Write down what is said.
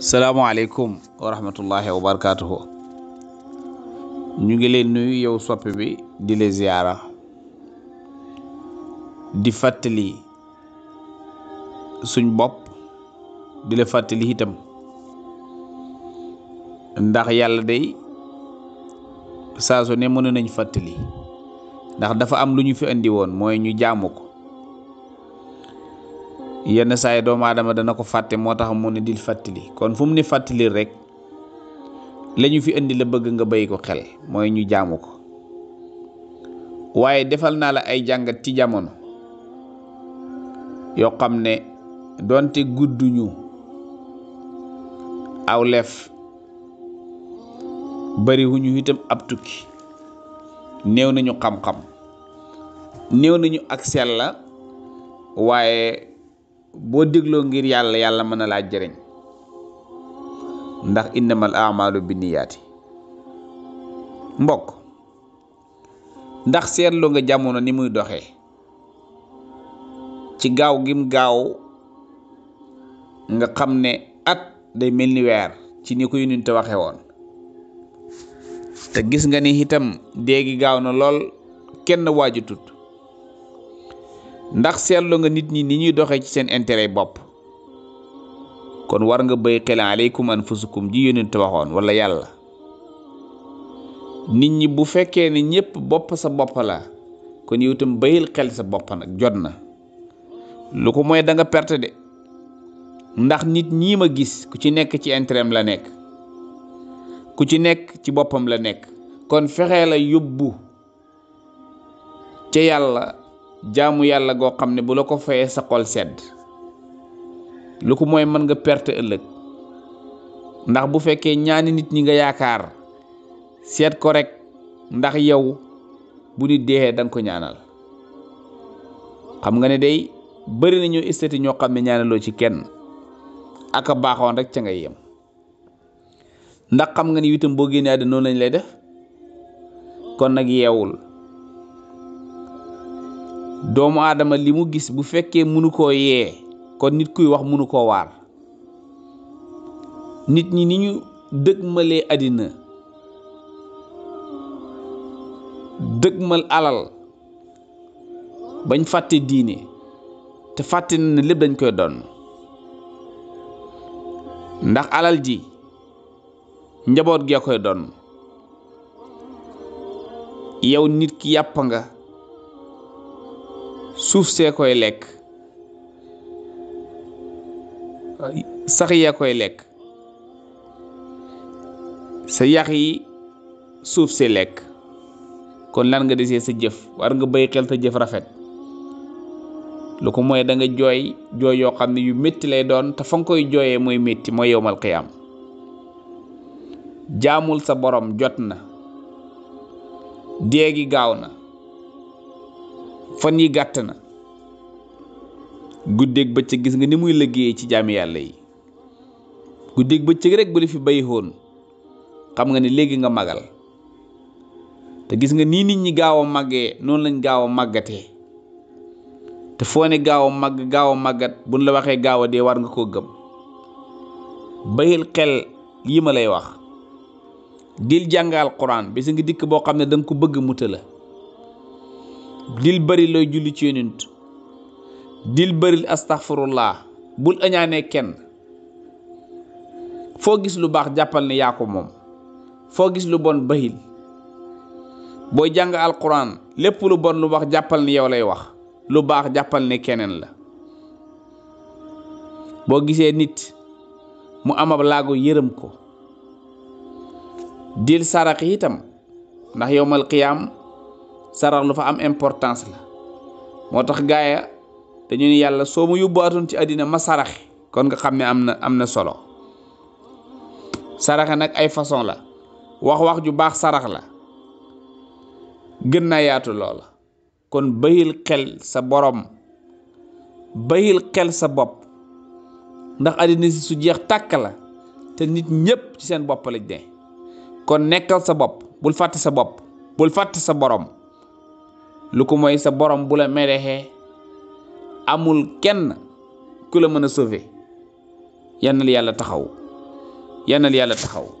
السلام عليكم ورحمة الله وبركاته نيجي لين نيو يو سوبي بي دي لي زيارة دي فاتلي سون بوب دي لي فاتلي هيتم نداخ يالا دي سازو ني مونو نني فاتلي نداخ دا فا ام لو ني في اندي وون موي ني جاموكو yenn saa yi doomu adama dana ko fàtte moo tax mu ne dil fàttali kon fu mu ne fàttali rek lañu fi indi la bëgg nga bàyyi ko xel mooy ñu jaamu ko waaye defal naa la ay jàngat ci jamono yoo xam ne doonte gudduñu aw lef bari wuñu itam ab tukki néew nañu xam-xam néew nañu ak sell la waaye boo dégloo ngir yàlla yàlla mën na laa jëriñ ndax innamal amalu bi niyaati mbokk ndax seetlu nga jamono ni muy doxe ci gaaw gim gaaw nga xam ne at day mel ni weer ci ni ko Yonent waxe woon te gis nga ni itam déegi gaaw na lool kenn waaju tut ndax sétlo nga nit ñi ni ñuy doxé ci seen intérêt bop kon war nga bay xel alaykum anfusukum ji ta waxon wala yalla nit ñi bu fekkee ni ñepp bop sa bop la kon yow tam bayil xel sa bop nak jotna lu ko moy da nga perte de ndax nit ñi ma gis ku ci nekk ci intérêt la nekk ku ci nekk ci bopam la nekk kon fexé la yobbu ci yalla jaamu yàlla goo xam ne bu la ko fayee sa xol sedd lu ko mooy mën nga perte ëllëg ndax bu fekkee ñaani nit ñi nga yaakaar seet ko rek ndax yow bu nit deexee danga ko ñaanal xam nga ne day bëri nañu istati ñoo xam ne ñaanaloo ci kenn aka baaxoon rek ca nga yem ndax xam nga ni itam boo génnee àddina noonu lañ lay def kon nag yeewul doomu aadama li mu gis bu fekkee mënu koo yee kon nit kuy wax mënu koo waar nit ñi ni ñu dëgmalee àddina dëgmal alal bañ fàtte diine te fàtte na ne lépp dañ koy doon ndax alal ji njaboot gee koy doon yow nit ki yàpp nga suuf see koy lekk sax yaa koy lekk sa yax yi suuf si lekk kon lan nga desee sa jëf war nga bay xel sa jëf rafet lu ko mooy danga nga jooy jooy yoo xam ne yu metti lay doon te fa nga koy jooyee mooy metti mooy yowmal qiyaam jaamul sa borom jot na déegi gaaw na fan yi gàtt na guddeeg bëccëg gis nga ni muy liggéeyee ci jaami yàlla yi guddeeg bëccëg rek bu la fi bay woon xam nga ne léegi nga magal te gis nga nii nit ñi gaaw a màggee noonu lañ gaawa a màggatee te foo ne gaaw a màgg gaaw a màggat buñ la waxee gaaw a dee war nga koo gëm bayil xel yi ma lay wax dil jàngal quran bi si nga dikk boo xam ne danga ko bëgg muta la dil bëri looy julli ci yonent dil bëril astaxfirullah bul añaanee kenn foo gis lu baax jàppal ne yaa ko moom foo gis lu bon bahil booy jàng alquran lépp lu bon lu wax jàppal ne yow lay wax lu baax jàppal ne keneen la boo gisee nit mu amab laago yërëm ko dil sarax itam ndax yowmal qiyaam sarax lu fa am importance la motax tax gaaya ya, dañu ni yalla so mu yóbbuwaatoon ci adina ma sarax kon nga xam amna amna solo sarax nak ay façon la wax wax ju bax sarax la gëna yaatu kon bayil xel sa borom bayil xel sa bop ndax adina ci su jeex tak la te nit ñepp ci seen bop lañ kon nekkal sa bop bul fatte sa bop bul fatte sa borom lu ko mooy sa borom bu la merexee amul kenn ku la mën a sauver yal na yàlla taxaw yal na yàlla taxaw